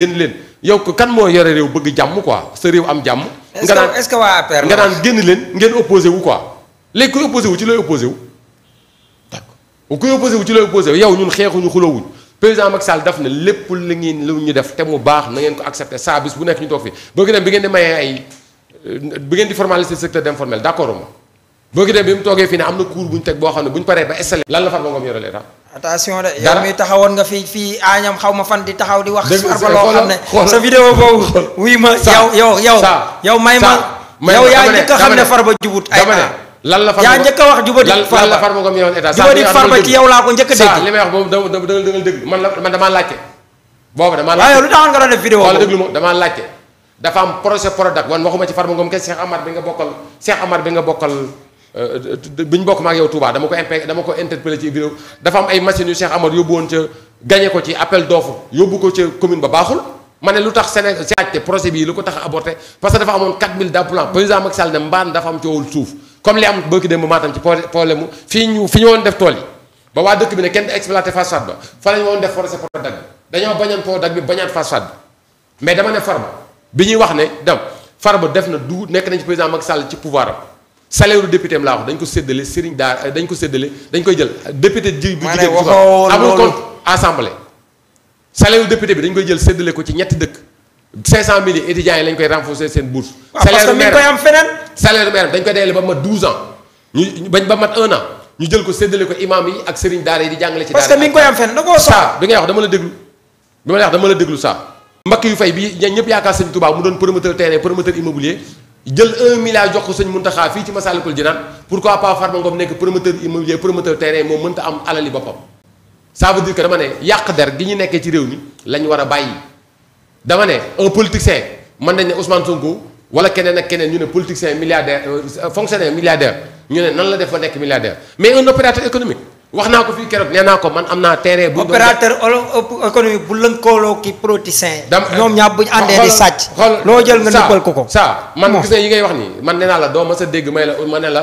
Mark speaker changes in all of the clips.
Speaker 1: génn leen yow ko kan moo yore réew bëgg jàmm quoi sa réew am jàmm. nga naan est-ce nga naan génn leen ngeen opposé wu quoi léegi kuy opposé wu ci looy opposé wu. yow ñun xeexuñu ñu def te mu baax na bu nekk ñu toog fi boo ko dem bi ngeen di mayee euh, bi ngeen di formaliser secteur informel d'accord ma boo ko dem bi mu toogee fii ne am na cour bu ñu teg boo xam ne bu ñu paree ba installé lan la Farba Ngom
Speaker 2: yore l'État attention de yow mi taxawoon nga fi fii aañam xaw ma fan di taxaw di wax. farba loo xam ne sa vidéo boobu. wuy ma yow yow yow. yow may ma yow yaa njëkk a xam ne farba jubut. ay lan la farba yaa njëkk a wax jubadi farba lan la farba
Speaker 1: comme yow ci yow laa ko njëkk a dégg. saa li boobu da da da dégg man la man damaa laajte. boobu damaa laajte ah, boobu dafa am projet Prodac wan waxuma ci farba ngoom kese Cheikh Amar bi nga bokkal Cheikh Amar bi nga bokkal biñ euh, bokk ma ak yow Touba dama ko impe dama ko interpellé ci vidéo dafa am ay machines yu Cheikh Amar yóbbu woon ca gagné ko ci appel d'offre yóbbu ko ca commune ba baaxul ma ne lu tax Sénégal te projet bii lu ko tax a aborté parce que dafa amoon 4000 d'emplois président Macky Sall ne mbaan dafa am coowul suuf comme li am bëkki démb maatam ci problème mu fii ñu fi ñu woon def tool yi ba waa dëkk bi ne kenn exploité phosphate ba fa la woon def forcé Prodac bi dañoo bañoon Prodac mais dama ne Farba ñuy wax ne dem Farba def na du nekk nañ ci président Macky Sall ci pouvoir salaire u député laa wax dañ ko séddale sëriñ daar euh, dañ ko séddale dañ koy jël député ji bu jigéen amul compte assemblée salaire u député bi dañ koy jël séddale ko ci ñetti dëkk 500000 yi étudiants yi lañ koy renforcer seen bourse ah, salaire maire am feneen salaire maire dañ koy dajale ba mat 12 ans ñu bañ ba mat 1 an ñu jël ko séddale ko imaam yi ak sëriñ daara yi di jàngale ci daara parce que mi ngi koy am fenn da koo saa bi ngay wax dama la déglu bi ma lay wax dama la jël un milliard jox ko sëñ Muntaxa fii ci Masaalikul Jinaan pourquoi pas Farba Ngom nekk promoteur immobilier promoteur terrain moom mënta am alali boppam. ça veut dire que dama ne yàq der gi ñu nekkee ci réew mi lañ war a bàyyi dama ne un politicien mën nañ ne Ousmane Sonko wala keneen ak keneen ñu ne politicien milliardaire euh, fonctionnaire milliardaire ñu ne nan la def ba nekk milliardaire mais un opérateur économique. wax naa ko fii keroog nee naa ko man am naa terrain. bu opérateur économique bu lëkkaloo ki politicien. ñoom ñaar bu àndee di sàcc. loo jël nga nëbbal ko ko. saa man gis nga yi ngay wax nii man nee naa la doo ma sa dégg may la ma ne la.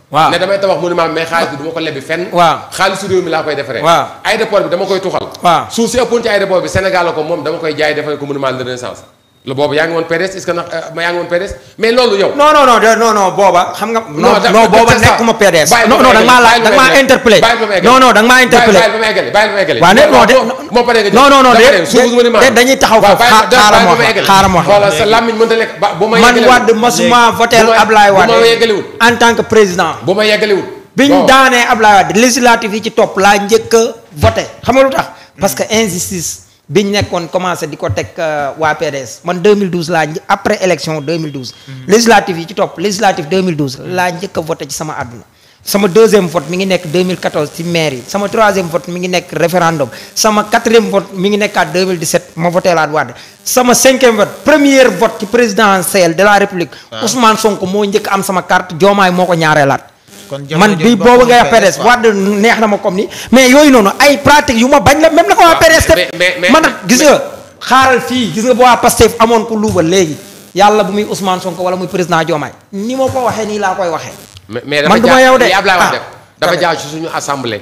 Speaker 1: waaw ne damay tabax monument mais xaalis bi du ma ko lebbi fenn waaw réew mi laa koy defaree waaw aéroport bi dama koy tuxal waaw suuf si ëppoon ci bi Sénégal la ko moom dama koy jaay defaree ko monument renaissance la boobu yaa ngi woon PDS est-ce que nag ma euh, yaa ngi woon mais loolu yow. non non non non booba xam nga. non booba nekkuma PDS. bàyyi non non da nga maa laaj da maa interpellé. non non da nga maa interpellé. bàyyi ba ma ma eggale. waaw
Speaker 2: ne non de en tant que président. bu ma yeggale wul. biñ daanee Ablaye Wade législative yi ci topp laa njëkk a voté xam parce que injustice biñ nekkoon commencé di ko teg euh, waa PDS man 2012 laa après élection 2012. Mhm. yi ci topp législative 2012. Mhm. laa njëkk a voté ci sama àdduna. sama deuxième vote mi ngi nekk 2014 ci maire yi sama troisième vote mi ngi nekk référendum sama quatrième vote mi ngi nekkaat 2017 ma voté laat Wade sama cinquième vote première vote ci présidentielle de la république. Ousmane Sonko moo njëkk am sama carte Diomaye moo ko ñaareelaat.
Speaker 3: man bi boobu ngay PDS Wade
Speaker 2: neex na ma comme ni mais yooyu noonu ay pratique yu ma bañ la même la ko waa PDS te man gis nga xaaral fii gis nga bu waa Pastef amoon ko luubal léegi yàlla bu muy Ousmane Sonko wala muy président Diomaye ni ma ko waxee nii laa koy waxee
Speaker 1: mais du ma yow de ah, dafa jaar ci suñu assemblée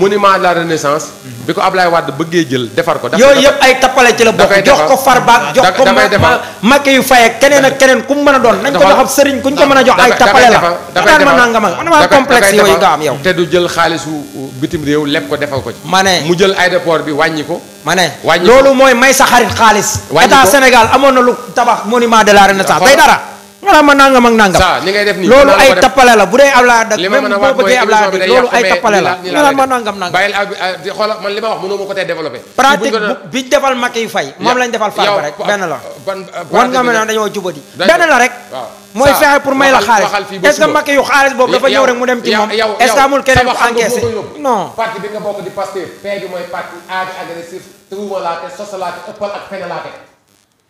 Speaker 1: monument de la renaissance. Mhm. bi ko Ablaye Wade bëggee jël defar ko. dafa yooyu yëpp ay tappale ci la bokk jox ko farbaak jox
Speaker 2: keneen ak keneen ku mu mën a doon nañ ko jox ab ko mën a jox ay tappale la daan ma nanga yooyu nga
Speaker 1: am yow te du jël xaalisu uh, bitim réew lépp ko defal ko ci ma ne mu jël aéroport bi wàññi ko ma ne loolu
Speaker 2: mooy may sa xarit xaalis état Sénégal amoon na lu tabax monument de la renaissance day dara wala ma nangam ak nangam. loolu ay tappale la bu dee Ablaye Adak. li ma mën a wax mooy émission bi day yàqu mais la ma nangam
Speaker 1: nangam. bàyyil ah, xoolal li ma wax mënoo ma ko tey développé. pratique bi defal Macky Faye. moom lañ defal Farba rek benn la. ban wan nga ma ne dañoo
Speaker 2: benn la rek. mooy fexe pour may la xaalis est que Macky yu xaalis boobu dafa ñëw rek mu dem ci moom est que amul keneen ku encaissé non.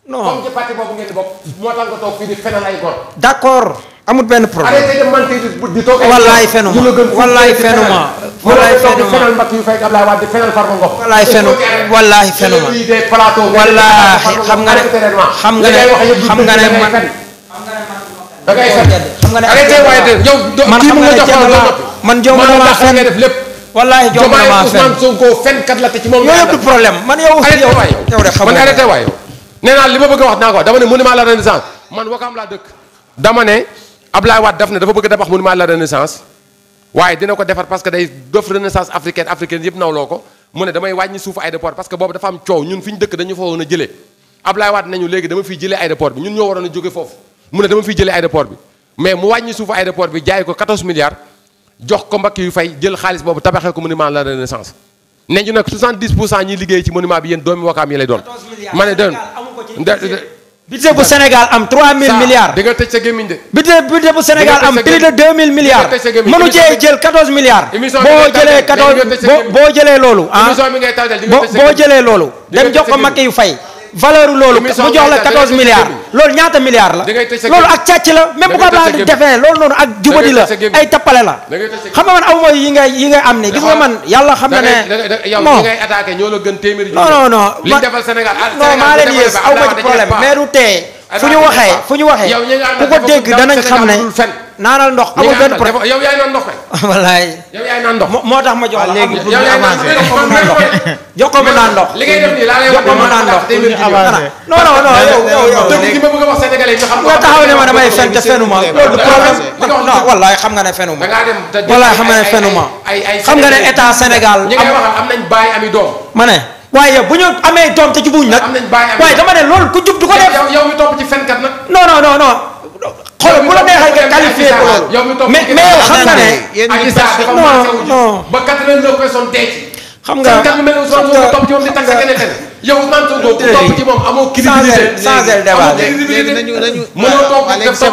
Speaker 1: non comme boobu ngeen di bokk moo tax nga toog ay góor.
Speaker 2: d' accord amul benn problème arrêté
Speaker 1: de mentir di toog. wallaay fenuma wallaay fenuma wallaay fenuma fenal mbakk yu fay Abdoulaye Wade di fenal Farba Ngom. wallaay fenuma wallaay fenuma wallaay
Speaker 3: xam nga ne xam xam nga ne man. da
Speaker 2: ngay fen xam nga ne arrêté waaye de yow. man xam nga ne jënd man jomb na maa fen wallaay jomb na maa fen Ousmane
Speaker 1: Sonko ci moom. yooyu yëpp du problème man yow. yow de xam nga man arrêté waaye nee naa li ma bëgg wax naa ko dama ne monument la renaissance man wakaam laa dëkk dama ne Ablaye Wade daf ne dafa bëgg a tabax monument la renaissance waaye dina ko defar parce que day dof renaissance africaine africaine yëpp nawloo ko mu ne damay wàññi suufu aéroport parce que boobu dafa am coow ñun fi ñu dëkk dañu fa woon a jëlee Ablaye Wade nañu léegi dama fiy jëlee aéroport bi ñun ñoo waroon a jóge foofu mu ne dama fiy jëlee aéroport bi mais mu jaay ko 14 milliards jox ko mbakk yu fay boobu tabaxee ko monument la renaissance ne ñu nag 70 pour cent ñiy liggéey ci monument bi yéen doomi Wakaam yi lay doon. ma ne doon
Speaker 2: budget bu Sénégal am 3000 milliards. di nga tëj am plus de 2000 milliards. jël 14 boo jëlee loolu. ah jox ko Macky yu valeur loolu mu jox la 14 loolu ñaata milliards la loolu ak càcc la même bu ko Ablaye defee loolu noonu ak jubadi la ay tappale la xam nga man aw yi ngay am ne gis nga man yàlla xam na ne non non
Speaker 1: ah, non non maa leen yées aw ma problème mais du
Speaker 2: tee fu ñu waxee fu ñu waxee ku ko dégg danañ xam ne naanal ndox. amul benn problème yow yaay naan ndox ndox moo tax ma jox la léegi pour ñu avancé jox ko mu naan ndox. li ngay def nii laa lay wax jox ko mu naan ndox. non non non yow yow yow. dëgg gi ma bëgg a wax sénégalais ñu xam nga taxaw ne ma problème non xam nga ne fenuma. wallaay xam nga ne fenuma.
Speaker 1: xam nga ne état Sénégal.
Speaker 2: ñi waaye bu ñu amee doom te jubuñ nag waaye
Speaker 1: dama ne loolu ku jub du ko def yow mi topp ci fenkat nag non
Speaker 3: xoolal bu la neexee nga
Speaker 1: qualifié ko loolu. mais mais yow xam nga ne. yéen ñi sax non non. ba 89 personnes dee ci. xam nga xam nga yow Ousmane Sonko ku topp moom amoo
Speaker 3: crédibilité sans débat léegi mënoo toog def sa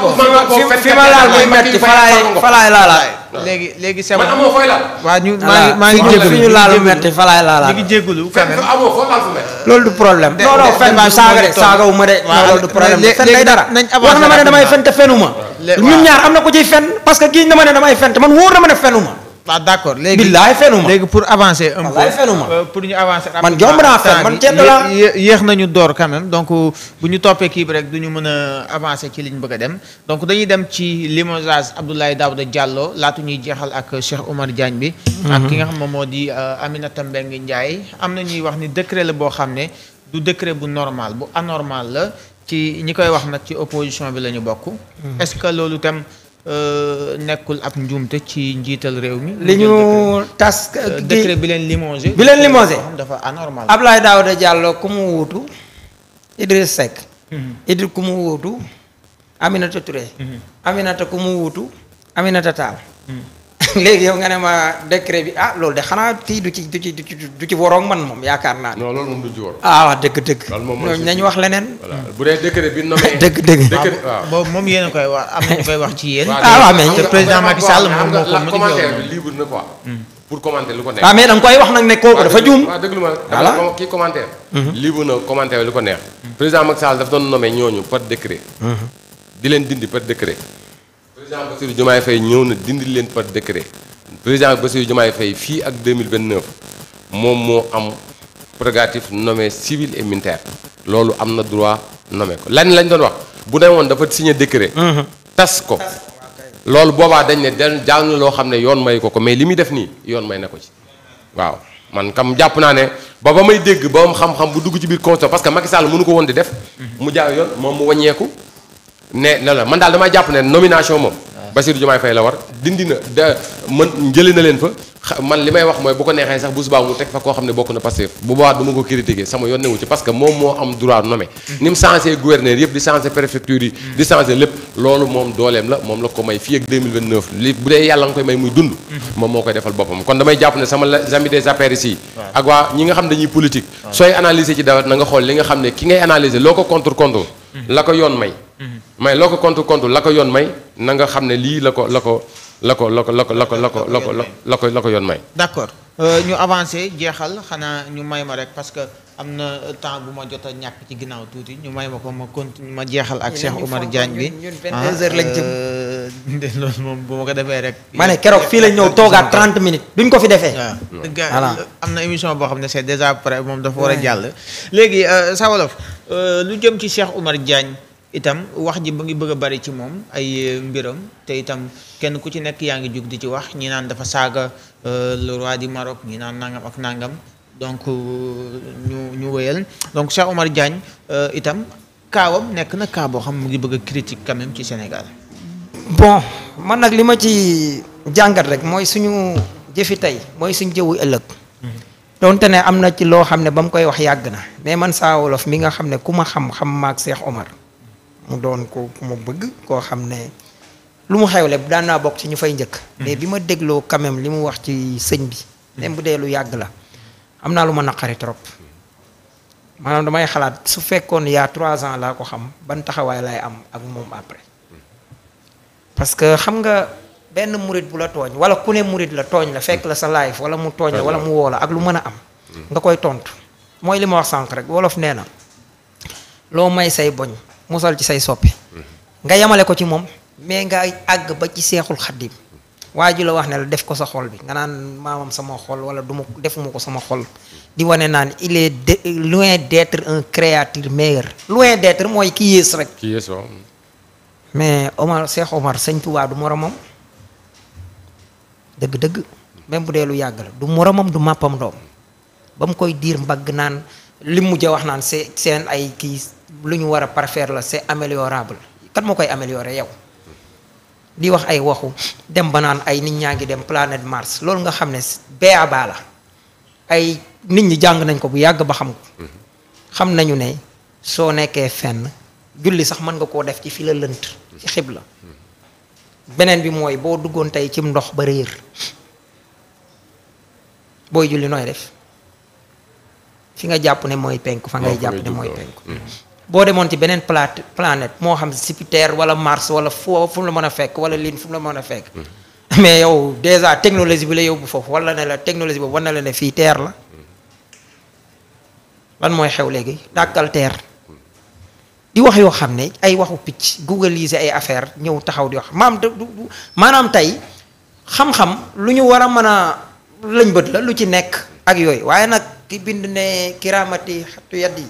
Speaker 3: fi ma laal muy metti falaay falaay laalaay léegi léegi c'est bon laal waaw maa ngi jégalu ñu laalu metti falaay laalaay ñu ngi jégalu quand même loolu du problème non non fen bu
Speaker 2: saaga de saagawu ma de loolu du problème fen day dara wax na ma ne damay fen te fenuma ñun ñaar am na ko ciy fen parce que kii na ma ne damay fen te man wóor na ma ne fenuma
Speaker 3: waaw d' accord léegi billaay fenuma léegi pour avancer. un peu euh, pour ñu avancer. man jomb naa fen man cedd laa yéex nañu door quand donc bu ñu toppee kii bi rek du ñu mën a avancer ci liñ bëgg a dem donc dañuy dem ci limogeage Abdoulaye Daouda jàlloo laatu ñuy jeexal ak Cheikh Omar Diagne bi. Mhm. ak ki nga xam moom moo di euh, Aminata Mbengue Ndiaye am na ñuy wax ni décret la boo xam ne du décret bu normal bu anormal la ci ñi koy wax nag ci opposition bi la ñu bokk. Mhm. est loolu tam. Euh, nekkul ab njuumte ci njiital réew mi. li ñu tas euh, euh, décret bi leen limogé. bi leen limogé dafa anormal. Abdoulaye
Speaker 2: Daouda Diallo ku mu wuutu Idriss Seck. Mhm. Idriss ku mu wuutu Aminata Touré. Mhm. Aminata ku mu wuutu Aminata Tall. Mhm. léegi yow nga ne ma décret bi ah, loolu de xanaa kii du ci du ci ci waroon man moom yaakaar naa ne. non loolu moom du ci waroon. ah wax nañu wax leneen. bu dee décret bi nommé. dëgg dëgg ah, boobu
Speaker 3: moom yéen a koy wax am nañu koy ko mu commentaire bi libre na quoi.
Speaker 1: Mm. pour commenter lu ko neex. ah, ah dafa juum. waaw ma voilà kii commentaire. Mm-hmm. libre na commentaire lu ko neex. président Macky Sall daf doon nommé ñooñu par décret. Mm-hmm. di leen dindi par décret. président Bassirou Diomaye Faye ñëw na dindi leen par décret président Bassirou Diomaye Faye fii ak 2029 moom moo am prérogative nommé civil et militaire loolu am na droit nommé ko lan lañ doon wax bu ne woon dafa signé décret. Mhm. tas ko loolu boobaa dañ ne jàll na loo xam ne yoon may ko ko mais li muy def nii yoon may ne ko ci waaw man kam jàpp naa ne ba ba may dégg ba xam-xam bu dugg ci biir constat parce que Macky Sall mënu ko woon di def. Mhm. mu jaay yoon ne la la man daal damaa jàpp ne nomination moom. Ah. Bassirou Diomaye Faye la war dindi na da man jëlee na leen fa man li may wax mooy bu ko neexee sax bu subaa mu teg fa koo xam ne bokk na Pastef bu boobaa du ma ko critiquer sama yoon newu ci parce que moom moo am droit nommé mm. ni mu changé gouverneur yëpp di changé préfecture yi mm. di changé lépp loolu moom dooleem la moom la ko may fii ak 2029 li bu dee yàlla nga koy may muy dund mm-hmm. moom moo koy defal kon damay jàpp ne sama amis des affaires yi ak waa ñi nga xam nga xool li nga xam ne ki ngay analyser loo ko contre contre mm-hmm. yoon may may loo ko contre contre la ko yoon may na nga xam ne lii la ko la ko la ko la ko la ko la ko la ko la la ko la ko yoon may.
Speaker 3: d'accord ñu avancé jeexal xanaa ñu may ma rek parce que am na temps bu ma jot a ñàkk ci ginnaaw tuuti ñu may ma ko ma continue ma jeexal ak Cheikh Oumar Diagne bi ñun 22h lañ jëm. loolu moom bu ma ko defee rek. ma ne keroog fii lañ ñëw toogaat 30
Speaker 2: minutes duñ ko fi defee. voilà
Speaker 3: am na émission boo xam ne c'est déjà prêt moom dafa war a jàll. léegi sa wolof lu jëm ci Cheikh Oumar Diagne. itam wax ji ba ngi bëgg a bari ci moom ay e, mbiram te itam kenn ku ci nekk yaa ngi jug di ci wax ñi naan dafa saaga e, le roi du Maroc ñi naan nangam ak nangam donc e, ñu ñu donc Cheikh Omar itam kaawam nekk na kaa boo xam mu ngi bëgg a critique quand même ci Sénégal.
Speaker 2: bon man nag li ma ci jàngat rek mooy suñu jëfi tey mooy suñu jëwu ëllëg. Mhm. donte ne am na ci loo xam ne ba mu koy wax yàgg na mais man saa wolof mi nga xam ne ku ma xam xam maa Cheikh Omar. mu doon ko ku ma bëgg koo xam ne lu mu xewle daan naa bokk ci ñu fay njëkk. Mm-hmm. mais bi ma dégloo quand même li mu wax ci sëñ bi. Mm-hmm. même bu dee lu yàgg la. am naa lu ma naqari trop. maanaam damay xalaat su fekkoon y' trois ans laa ko xam ban taxawaay laay am ak moom après. Mm-hmm. parce que xam nga benn murit bu la tooñ wala ku ne murit la tooñ la fekk la sa live wala mu tooñ la wala mu woo la ak lu mën a am. nga koy tontu mooy li ma wax sànq rek wolof nee na loo may say boñ. musal ci say soppe nga yamale ko ci moom mais nga àgg ba ci seexul xaddim waa ji la wax ne la def ko sa xol bi nga naan maamam sama xol wala du ma defuma ko sama xol di wane naan il est loin d'être un créature meilleure loin d'être mooy ki yées rek ki yées waaw mais Omar du moromam dëgg-dëgg même bu dee lu yàgg la du moromam du màppam doom ba mu koy diir mbagg naan li mujj a wax naan see seen ay kii lu ñu war a parfaire la c'est ameliorable kat moo koy ameliore yow di wax ay waxu dem ba naan ay nit ñaa ngi dem planète Mars loolu nga xam ne béaba la ay nit ñi jàng nañ ko bu yàgg ba xam ko xam nañu ne soo nekkee fenn julli sax mën nga koo def ci fi la lënt ci la beneen bi mooy boo duggoon tey cim ndox ba réer booy julli nooy def fi nga jàpp ne mooy penku fa ngay jàpp ne mooy penku mm-hmm. boo demoon ci beneen plate planète moo xam Jupiter wala Mars wala foo fu mu la mën a fekk wala Lune fu mu la mën a fekk. Hmm. mais yow déjà technologie bi la yóbbu foofu wala ne la technologie boobu war ne fii terre la hmm. lan mooy xew léegi dàkkal terre di wax yoo xam ne ay waxu picc googlise ay affaire ñëw taxaw di wax maam du maanaam tey xam-xam lu ñu war a mën a lëñbët la lu ci nekk ak yooyu waaye nag ki bind ne kiraamati xattu yaddi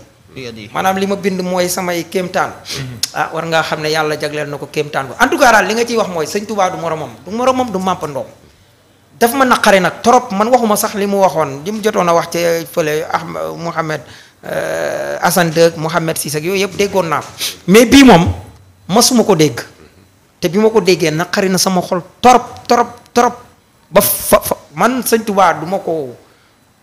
Speaker 2: maanaam li ma bind mooy samay kéemtaan mhm. ah war ngaa xam ne yàlla jagleel na ko kéemtaan ko en tout cas daal li nga ciy wax mooy sëñ Tuubaa du moromam du moromam du màmpandoom daf ma naqari sax li mu waxoon li mu jotoon wax ci fële ah Mouhamed euh, Assane Dëgg Mouhamed Cissé ak yooyu yëpp déggoon naa ko mais bii moom masuma ko dégg bi ma ko déggee naqari na sama xol trop trop trop ba man sëñ Tuubaa du ko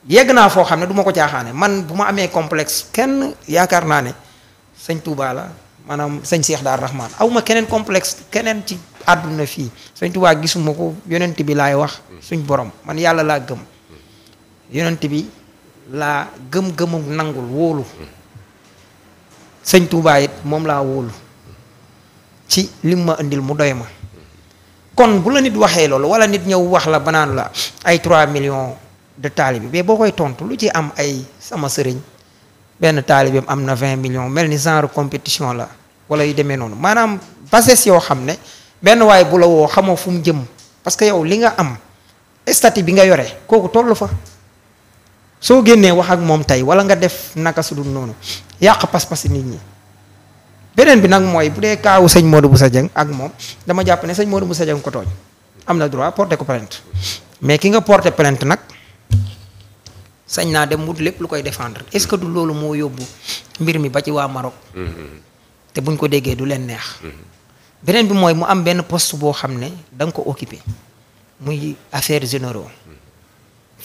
Speaker 2: yegg naa foo xam ne duma ko caaxaane man bu ma amee complexe kenn yaakaar naa ne sëñ Touba la maanaam sëñ Cheikh daal Rahman aw ma keneen complexe keneen ci àdduna fii sëñ Touba gisuma ko yonent bi laay wax suñ borom man yàlla laa gëm yonent bi laa gëm-gëmum nangul wóolu sëñ Touba it moom laa wóolu ci lim ma indil mu doy ma kon bu la nit waxee loolu wala nit ñëw wax la banaan la ay 3 millions de bi mais boo koy tontu lu ci am ay sama sëriñ benn taalibeem am na vingt millions mel ni genre compétition la wala yu demee noonu maanaam bases yoo xam ne benn waaye bu la woo xamoo fu mu jëm parce que yow li nga am statut bi nga yore kooku toll fa soo génnee wax ak moom tey wala nga def naka su dul noonu yàq pas-pasi nit ñi. beneen bi nag mooy bu dee kaawu sëñ bu sa Dieng ak moom dama jàpp ne sëñ Modou Boussa Dieng ko tooñ am na droit porter ko plainte ki nga porter nag. sañ naa dem wut lépp lu koy défendre est-ce que du loolu moo yóbbu mbir mi ba ci waa Maroc. Mm-hmm. te buñ ko déggee du leen neex. Mm-hmm. beneen bi mooy mu am benn poste boo xam ne da nga ko occupé muy affaires généraux mm-hmm.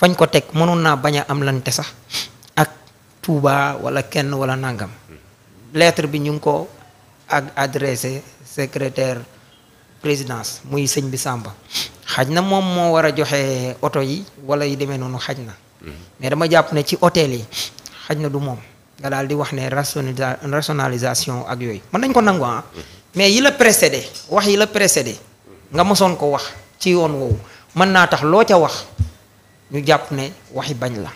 Speaker 2: fañ ko teg mënoon naa bañ a am lante sax ak Touba wala kenn wala nangam lettre bi ñu ngi ko ak adressé secrétaire présidence muy sëñ bi Samba xaj na moom moo war a joxe oto yi wala yi demee noonu xaj na. mais dama jàpp ne ci hôtel yi xaj na du moom nga daal di wax ne rationalisa rationalisation ak yooyu man nañ ko nangu ah. mais yi la précédé wax yi la précédé nga mosoon ko wax ci yoon woowu man naa tax loo ca wax ñu jàpp ne waxi bañ la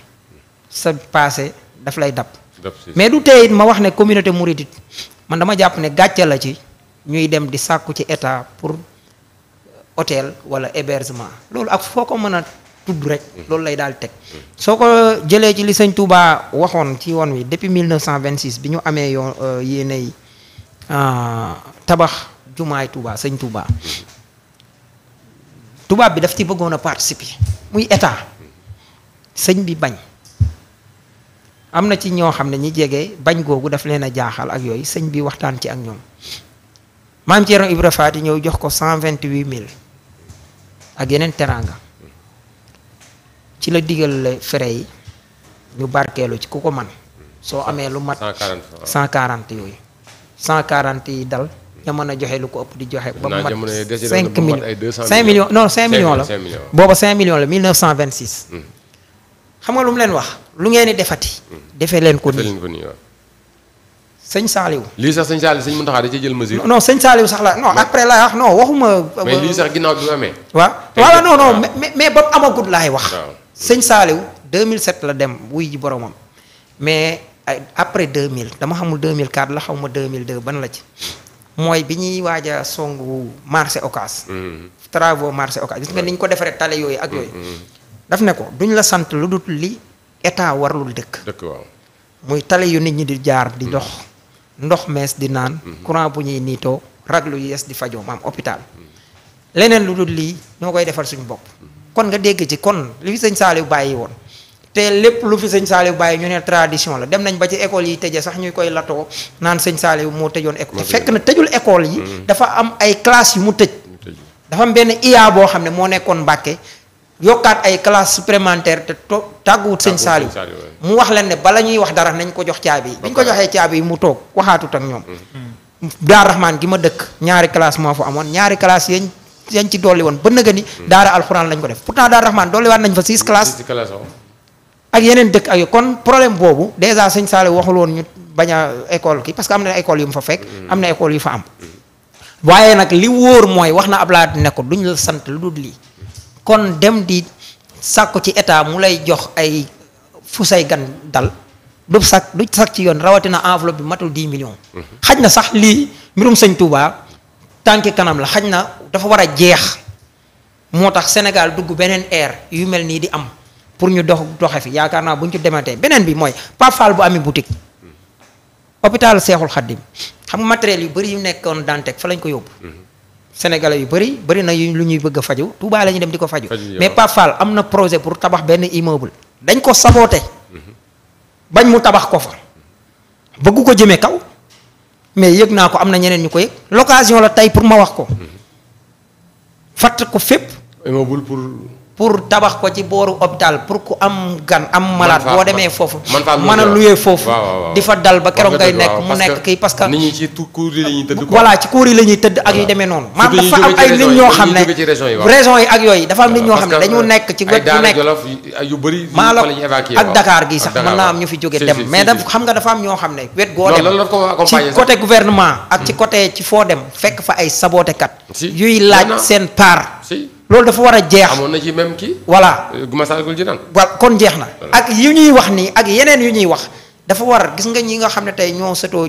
Speaker 2: sa passé daf lay dab. mais du tey it ma wax ne communauté mouride man dama jàpp ne gàcce la ci ñuy dem di sàkku ci état pour hôtel wala hébergement loolu ak foo ko mën tudd rek mm-hmm. loolu lay daal teg soo ko jëlee ci li sëñ Touba waxoon ci yoon wi mille depuis 1926 bi ñu amee yoon euh, yéenay euh, tabax jumaay tubaa sëñ Touba mm-hmm. tubaab bi daf ci bëggoon a participer muy état sëñ bi bañ am na ci ñoo xam ne ñi jege bañ googu daf leen a jaaxal ak yooyu sëñ bi waxtaan ci ak ñoom maam Thierno Ibra Faati ñëw jox ko cent vingt 128 mille ak yeneen teraanga ci la digal frais yi ñu barkeelu ci ku ko man soo amee lu mat cent quarante yooyu cent quarante yi dal nga a joxe lu ko ëpp di joxe ba mu mat cinq millions cinq millions non cinq millions la booba cinq millions la mille neuf cent vingt six hmm. xam nga lu mu leen wax lu ngeen di defati hmm. defee leen
Speaker 1: ko nii sëñ Saaliw. lii sax sëñ Saaliw sëñ Muntaxa da cee jël mesure. non
Speaker 2: sëñ Saaliw sax la non après laay wax non waxuma. mais euh, lii
Speaker 1: sax ginnaaw bi mu amee.
Speaker 2: waaw waaw non mais ba mu amagut laay wax. sëñ Saaliw 2007 la dem wuy ji boromam mais après 2000 dama xamul 2004 la xaw ma 2002 ban la ci mooy bi ñuy waaj songu marché Ocass. Mm-hmm. travaux marché Ocass gis nga ni ñu ko defaree tale yooyu ak yooyu. Mm-hmm. daf ne ko duñ la sant lu dul lii état warlul dëkk. dëkk muy tale yu nit ñi di jaar di ndox mm-hmm. ndox mees di naan. courant bu ñuy niitoo raglu yees di fajoo maam hôpital. leneen lu dul lii ñoo koy defal suñu bopp. kon nga dégg ci kon li fi sëñ Saliou bàyyi woon te lépp lu fi sëñ Saliou bàyyi ñu ne tradition la dem nañ ba ci école yi tëje sax ñuy koy latoo naan sëñ Saliou moo tëjoon école te fekk na tëjul école yi mm-hmm. dafa am ay classes yu mu tëj dafa am benn IA boo xam ne moo nekkoon Mbàkke yokkaat ay classe supplémentaire te to tàgguwut sëñ Saliou mu wax leen ne bala ñuy wax dara nañ ko jox caabi yi bi ko joxee caabi yi mu toog waxaatut ak ñoom mm-hmm. Daar Rahman gi ma dëkk ñaari classe moo fa amoon ñaari classe yeñ yañ ci dolli woon ba nëga ni hmm. daara alxuraan lañ ko def pourtant daara raxmaan dolli waat nañ fa six hmm. classes ak yeneen dëkk ak yo kon problème boobu dèjà sëñ Saale waxul woon ñu bañ a école ki parce que am na école yu mu fa fekk hmm. am na école yu fa am waaye nag li wóor mooy wax na Ablaye ne ko duñ la sant lu dul lii kon dem di sàkku ci état mu lay jox ay fu say gan dal du sàkk du sàkk ci yoon rawatina enveloppe bi matul 10 million xaj na sax lii mbirum tànki kanam la xaj na dafa war a jeex moo tax Sénégal dugg beneen air yu mel nii di am pour ñu dox doxe fi yaakaar naa bu ñu ci dematee beneen bi mooy parfal Fall bu amee boutique hôpital Seexul Xaddim xam nga matériel yu bëri yu nekkoon Dantec fa lañ ko yóbbu. Mhm. Sénégalais yu bari bari na lu ñuy bëgg a faju Touba la ñu dem di ko faju mais Pape Fall am na projet pour tabax benn immeuble dañ ko saboote mhm. bañ mu tabax ko fa bëgg ko jëmee kaw. mais yëg naa ko am na ñeneen ñu ko yëg l'occasion la tey pour ma wax ko. fàtt ko fépp. bul pour. pour tabax ko ci booru hôpital pour ku am gan am malade boo demee foofu mën a luyee foofu di fa dal ba keroog ngay nekk mu nekk kii parce que nit ñi ci cour yi la ñuy tëdd voilà ci cour ak yu demee noonu maanaam dafa am ay nit ñoo xam ne yi ak yooyu dafa am nit ñoo xam ne dañu nekk ci wet bu nekk
Speaker 1: yu bëri maa ak Dakar gi sax man naa am ñu fi jóge dem mais daf
Speaker 2: xam nga dafa am ñoo xam ne wet goo dem ci côté gouvernement ak ci hmm. côté ci foo dem fekk fa ay sabotekat yuy laaj seen part loolu dafa war a jeex. amoon na ci même kii. voilà euh, Massalikul Jinaan. kon jeex na. ak yu ñuy wax nii ak yeneen yu ñuy wax dafa war gis nga ñi nga xam ne tey ñoo setoo